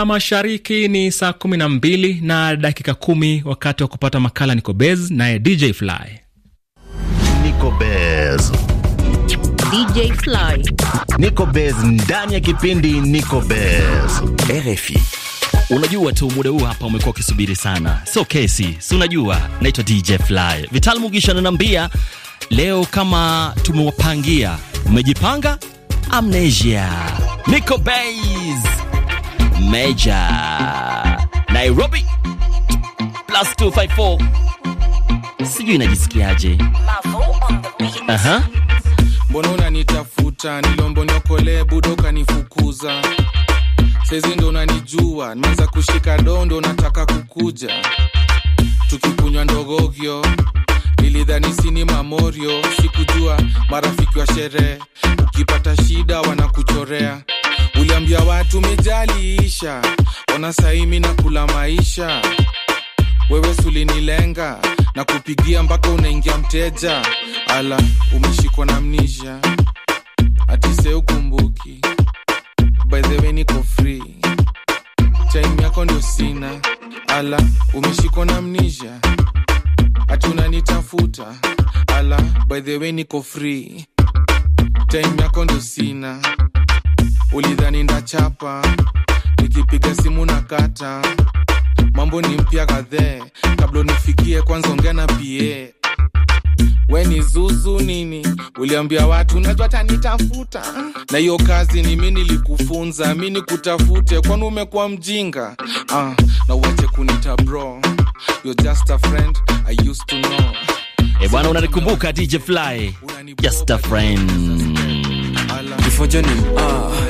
Afrika Mashariki ni saa 12 na dakika kumi, wakati wa kupata makala Bez naye DJ Fly. Nicobez. DJ Fly. ndani ya kipindi Bez. RFI. Unajua tu muda huu hapa umekuwa ukisubiri sana, so kesi, si unajua. Naitwa DJ Fly. Vital Mugisha ananiambia leo kama tumewapangia, umejipanga amnesia Nicobez Major Nairobi plus 254, sijui inajisikiaje? Aha. Mbona unanitafuta? Nilombo nyokole budo kanifukuza. Saizi ndo unanijua, nimeanza kushika dondo, nataka kukuja. Tukikunywa ndogogyo, nilidhani sini mamorio, sikujua marafiki wa sherehe, ukipata shida wanakuchorea Uliambia watu mijaliisha, ona saimi na kula maisha. Wewe sulinilenga na kupigia mpaka unaingia mteja, ala umeshikwa na mnisha, atise ukumbuki. By the way niko free, time yako ndio sina, ala umeshikwa na mnisha, ati unanitafuta, ala by the way niko free, time yako ndio sina ulidhani ndachapa, nikipiga simu na kata, mambo ni mpya kadhee, kabla nifikie kwanza ongea na pie we ni zuzu nini? Uliambia watu najua tanitafuta, na hiyo kazi ni mi nilikufunza, mi nikutafute, kwani umekuwa mjinga? Uh, na uache kunita bro, you're just a friend I used to know. E bwana, unanikumbuka DJ Fly, just a friend. Kifojo ni ah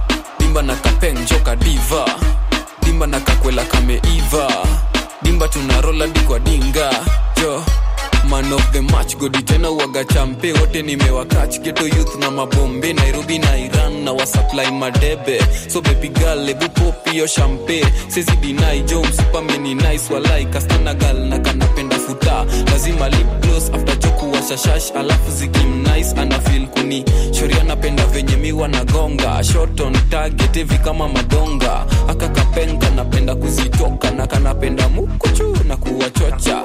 dimba na kapenjoka diva dimba na kakwela kameiva dimba tunarola dikwa dinga jo man of the match godi tena waga champe wote nimewakach geto youth na mabombe nairobi na iran na wasupply madebe so baby girl ebu pop hiyo champe sezidinai jo msipameni nice walai kastana gal na kanapenda futa lazima lip gloss after joku nashashash alafu zikimnice anafil kuni shoria napenda venye miwa na gonga shot on target hivi kama madonga akakapenga napenda kuzitoka na kanapenda mukuchu na kuwachocha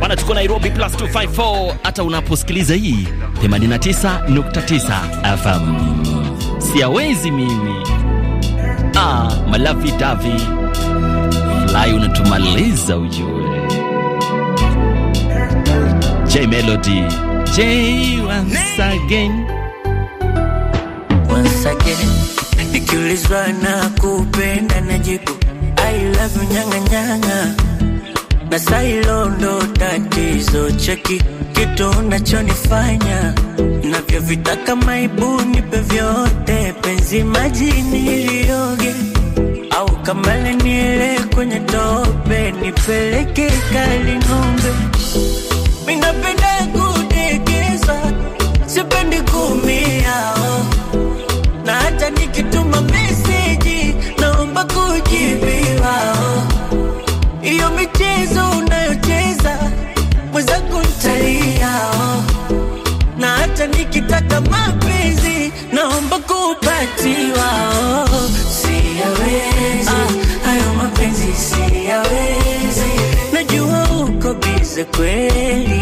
bana tuko nairobi plus 254 hata unaposikiliza hii 89.9 fm siawezi mimi ah, malafi davi Ulai unatumaliza ujue. J Melody, J once again, once again. Nikiulizwa na kupenda jibu I love you nyanga nyanga, na sailo ndo tatizo, cheki kitu unachonifanya navyo vitaka, maibu nipe vyote, penzi majini kamale niele kwenye tope, nipeleke kali ng'ombe. Minapenda kudekezwa, sipendi kumia Na hata nikituma meseji naomba kujibiwa hiyo Iyo michezo unayocheza mwenzangu ntalia Na hata nikitaka mapenzi uweze kweli,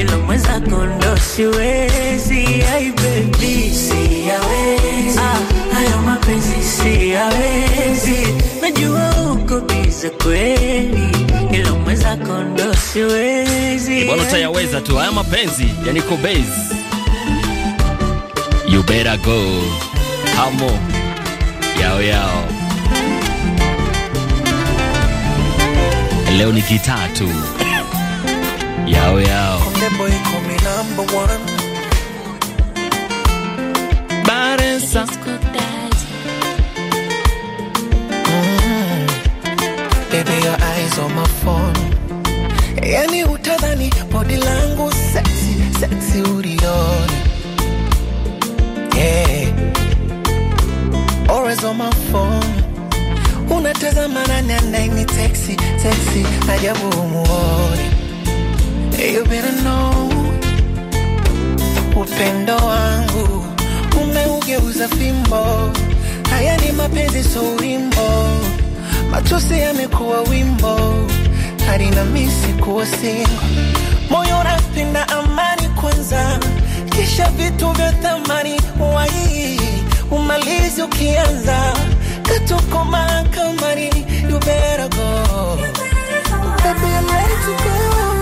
ila mweza kondo siwezi. Ai baby, siyawezi ah, hayo mapenzi, siyawezi. Najua uko bize kweli, ila mweza kondo siwezi. Bwana utayaweza tu haya mapenzi ya Niko Base. You better go hamo yao yao leo ni kitatu Yo, yo. Yani utadhani body langu sexy, sexy ulione. Yeah. Always on my phone. Unatazama nani anaini sexy, sexy ajabu umuone you better know, upendo wangu umeugeuza fimbo. Haya ni mapenzi, so wimbo, machozi yamekuwa wimbo, harina misi kuwa singo, moyo napenda amani kwanza, kisha vitu vya thamani wai umalizi ukianza katukoma kamari, you better go. You better go.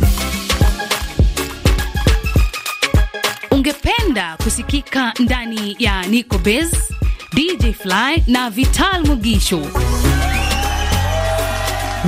Wonder kusikika ndani ya Nico Bez, DJ Fly na Vital Mugisho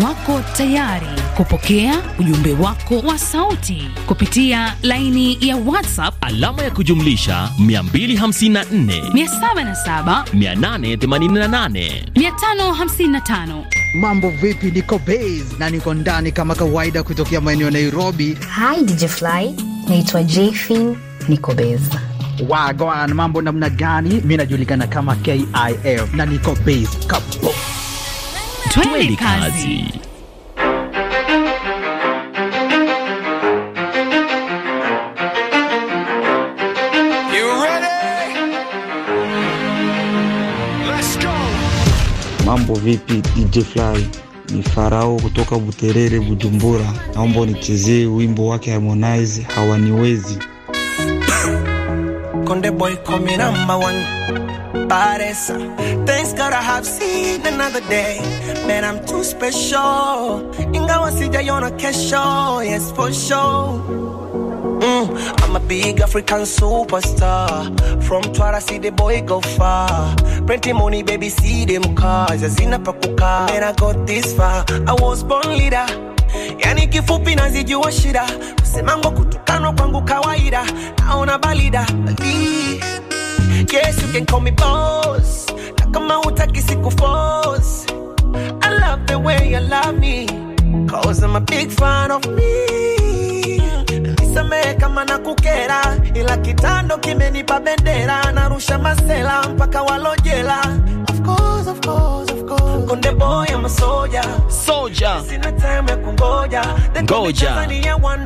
wako tayari kupokea ujumbe wako wa sauti kupitia laini ya WhatsApp alama ya kujumlisha 254 77 Mambo vipi? Niko base na niko ndani kama kawaida kutokea maeneo ya Nairobi. Hi DJ Fly, naitwa Jfin niko base. Wagwan, mambo namna gani? Mi najulikana kama KIF na niko base kapo. Twende kazi. Mambo vipi, DJ Fly? Ni Farao kutoka Buterere, Bujumbura. Naomba unichezee wimbo wake Harmonize hawaniwezi. The boy coming number one. Paresa, thanks God I have seen another day. Man, I'm too special. a cash kesho, yes for sure. Mm, I'm a big African superstar. From Twara, see the boy go far. Plenty money, baby, see them cars. proper car. Man, I got this far. I was born leader. yani kifupi nazijua shida, usemango kutukanwa kwangu kawaida, naona balida bali. Yes, you can call me boss, na kama hutaki siku force. I love the way you love me, cause I'm a big fan of me. Nisamehe kama na kukera, ila kitando kimenipa bendera, narusha masela mpaka walojela. Of course, of course. Konde boy ama soja. Soja. Sina time ya kungoja. Ngoja.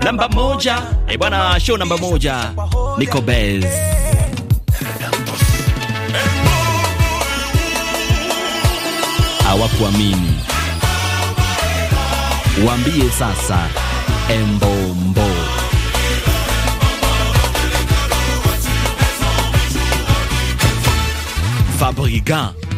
Namba moja. Eh, bwana show namba moja. Nico Bez. Hawakuamini. Waambie sasa. Embombo. Fabricant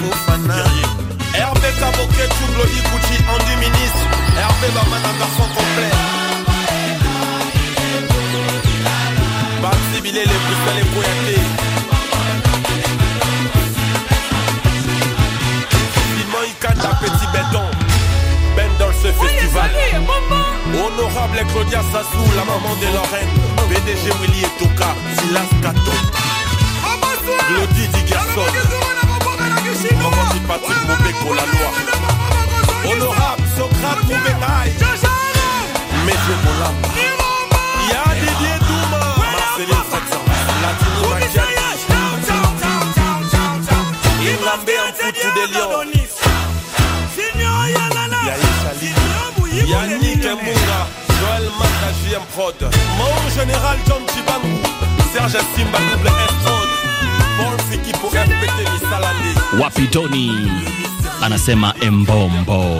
Fofana Hervé Kaboke, Tchoublo, en du Ministre Hervé Baman, un garçon complet Babsi Bilé, les dans les Boyaté Simon Ikanda, Petit Béton Ben dans ce festival Honorable Claudia Sassou, la maman de Lorraine PDG Willy Toka, Silas Kato Glody Digerson Maman dit Patrick Mauvais pour la loi. Honorable, Socrate, ou Mais je mon Y'a Didier foutu des lions. Yannick Joël Mata, Prod, mon général John Serge Simba, double s Wapitoni anasema embombo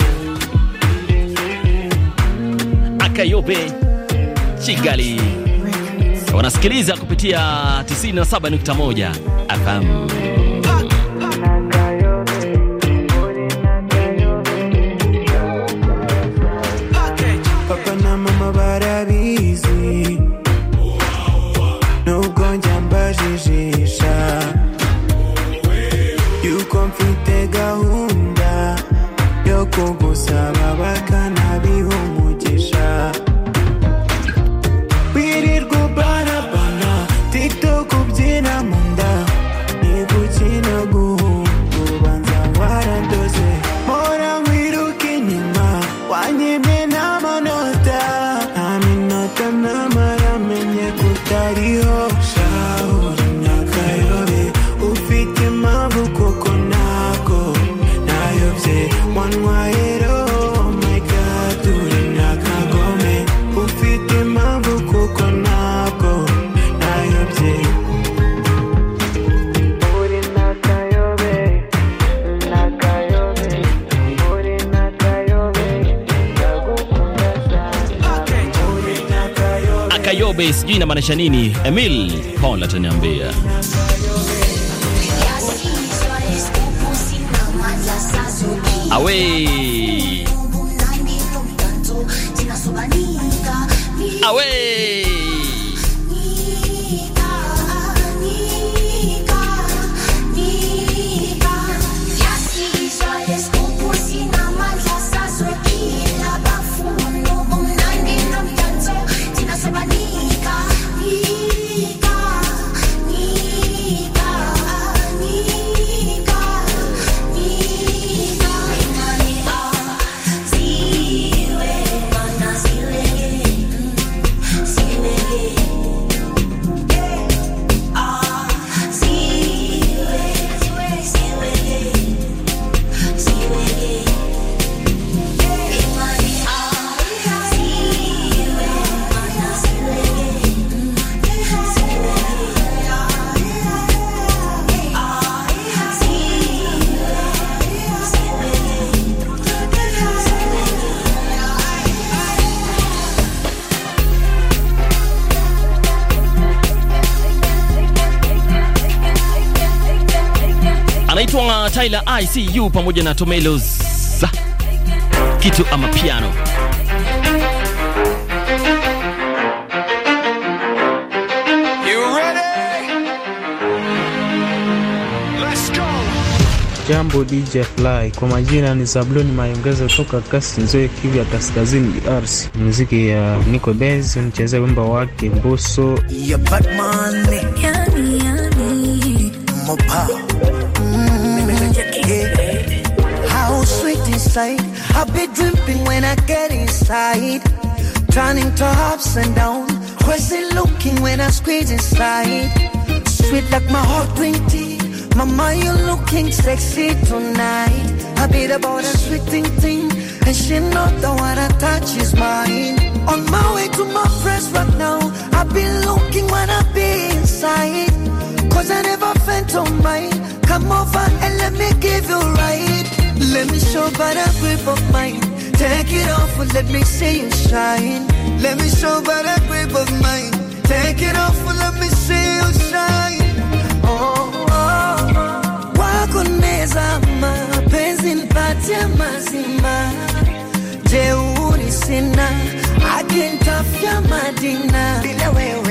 akayope Chigali wanasikiliza kupitia 97.1 FM. Kayobe sijui inamaanisha nini? Emil Paul ataniambia. Away. Away. Tyler ICU pamoja na Tomelos kitu ama piano Jambo DJ Fly, kwa majina ni Zabloni Mayongeza kutoka kasi Nzoe, Kivu ya Kaskazini, DRC. Muziki ya Nico Benz, mchezea wimbo wake Mbuso. sight. I'll be dripping when I get inside. Turning to ups and down. Crazy looking when I squeeze inside. Sweet like my heart green tea. Mama, you looking sexy tonight. I bit about a sweet thing thing. And she know the one I touch is mine. On my way to my friends right now. I've been looking when I be inside. Cause I never phantom mine. Come over and let me give you right. Let me show by the grip of mine. Take it off and let me see you shine. Let me show by the grip of mine. Take it off and let me see you shine. Oh, oh. on Wako nezama, penzi Patia, mazima. Jeuri sina, I can't your madina. Be the way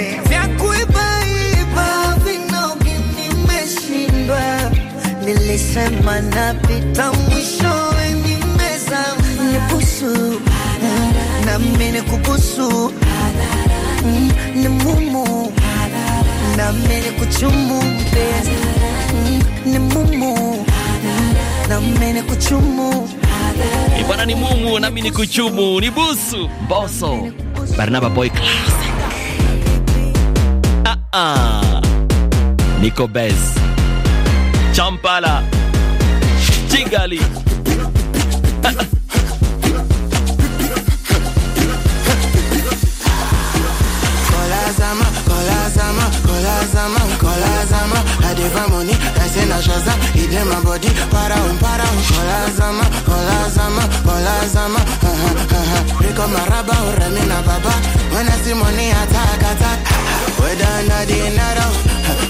nilisema napita mwishowe, nimebusu nami nikubusu, mm, ni mumu nami nikuchumu, mm, ni mumu nami nikuchumu eh, Bwana ni mumu nami ni kuchumu ni busu boso Barnaba Boy Classic. Ah, ah. Nico Bez Champala, Chigali. Kolazama, Kolazama, Kolazama, Kolazama. I deva money, I say na shaza, it in my body, para um, para um. Kolazama, Kolazama, Kolazama, ha uh-huh, ha uh-huh. ha ha. Break up my rubber, remi na baba. When I see money, attack, attack. Whether or not in or out,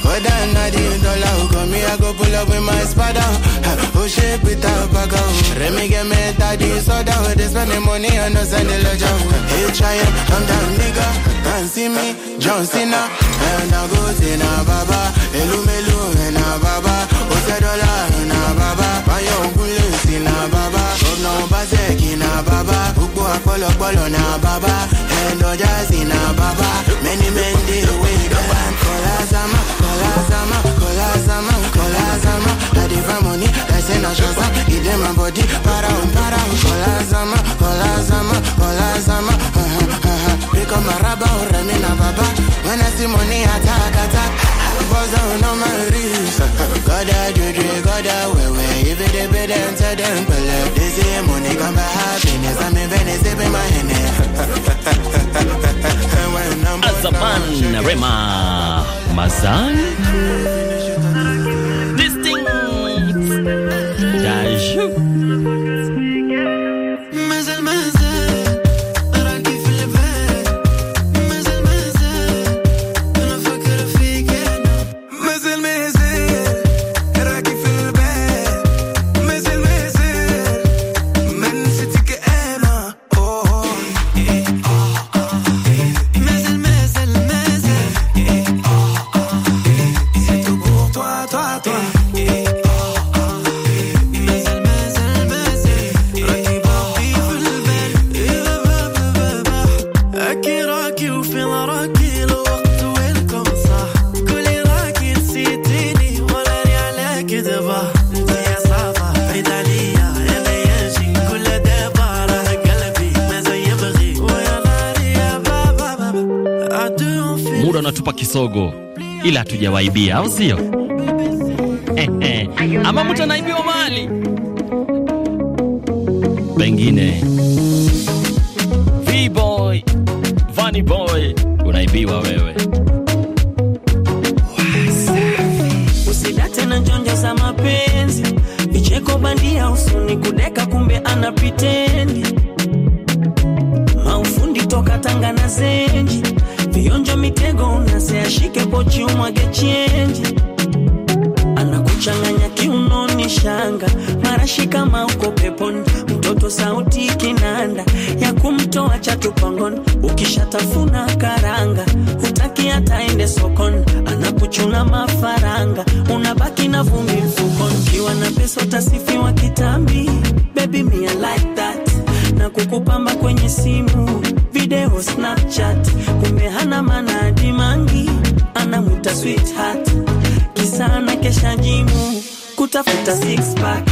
whether or not in or come here, I go pull up with my spada. Uh, oh shit, with a bag out. Let me get me daddy soda. They spend the money on no send the lodge Hey, try it, I'm that nigga. Can't see me, John Cena. And I go to na baba, elu melu na baba. Oh, dollar. ọpọlọpọlọ na baba ẹnlọjàsí na baba many men dey wey don kọlá sama kọlá sama kọlá sama kọlá sama dey find money like say na ṣọṣa e dey my body para o para o kọlá sama kọlá sama kọlá sama pick up raba o oh, na baba when i see money attack attack. Buzz on oh, my wrist God I do do, God I wear, wear If it be them, tell them, well, they say money come Azaban Rema Mazan hatujawaibia, au sio? Ama mtu anaibiwa mali pengine, V-boy funny boy, unaibiwa wewe. Usilate na njonjo za mapenzi, vicheko bandia usuni kudeka, kumbe anapitendi maufundi toka Tanga na Zenji Vionjo mitego ashike pochi umwage chenji, anakuchanganya kiunoni shanga, marashi kama uko peponi, mtoto sauti kinanda ya kumtoa chatupangoni, ukishatafuna karanga hutaki ataende ende sokoni, anakuchuna mafaranga, unabaki na vumbi mfukoni, kiwa na pesa utasifiwa kitambi, baby me I like that, na kukupamba kwenye simu video Snapchat, kumbe hana maana adimangi anamuta sweetheart, kisana kesha jimu kutafuta six pack.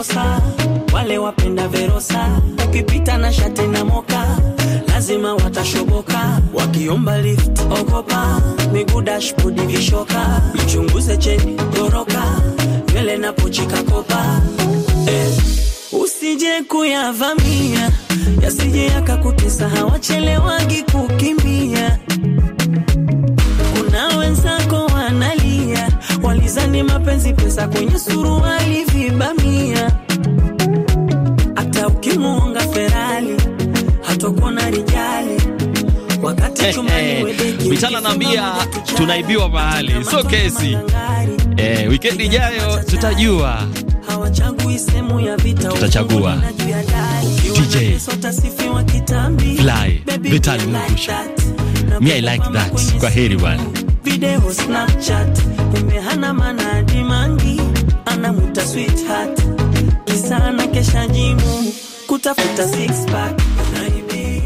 makosa, wale wapenda Verosa, ukipita na shati na moka lazima watashoboka, wakiomba lift ogopa, miguu dashbodi vishoka, mchunguze cheni toroka nywele na pochi kakopa, eh, usije kuyavamia yasije yakakutesa, hawachelewagi kukimbia Kizani mapenzi, pesa kwenye suruali, vibamia. Hata ukimuonga Ferali hatakuwa na rijali. Wakati eh, eh, mitala anaambia tunaibiwa mahali, sio kesi. Eh, wikendi ijayo tutajua, ya vita, tutachagua DJ Fly Vitali Mungusha. Me I like that. Kwa heri bwana video Snapchat, imehana manadi mangi anamuta sweetheart, kisana kesha jimu kutafuta six pack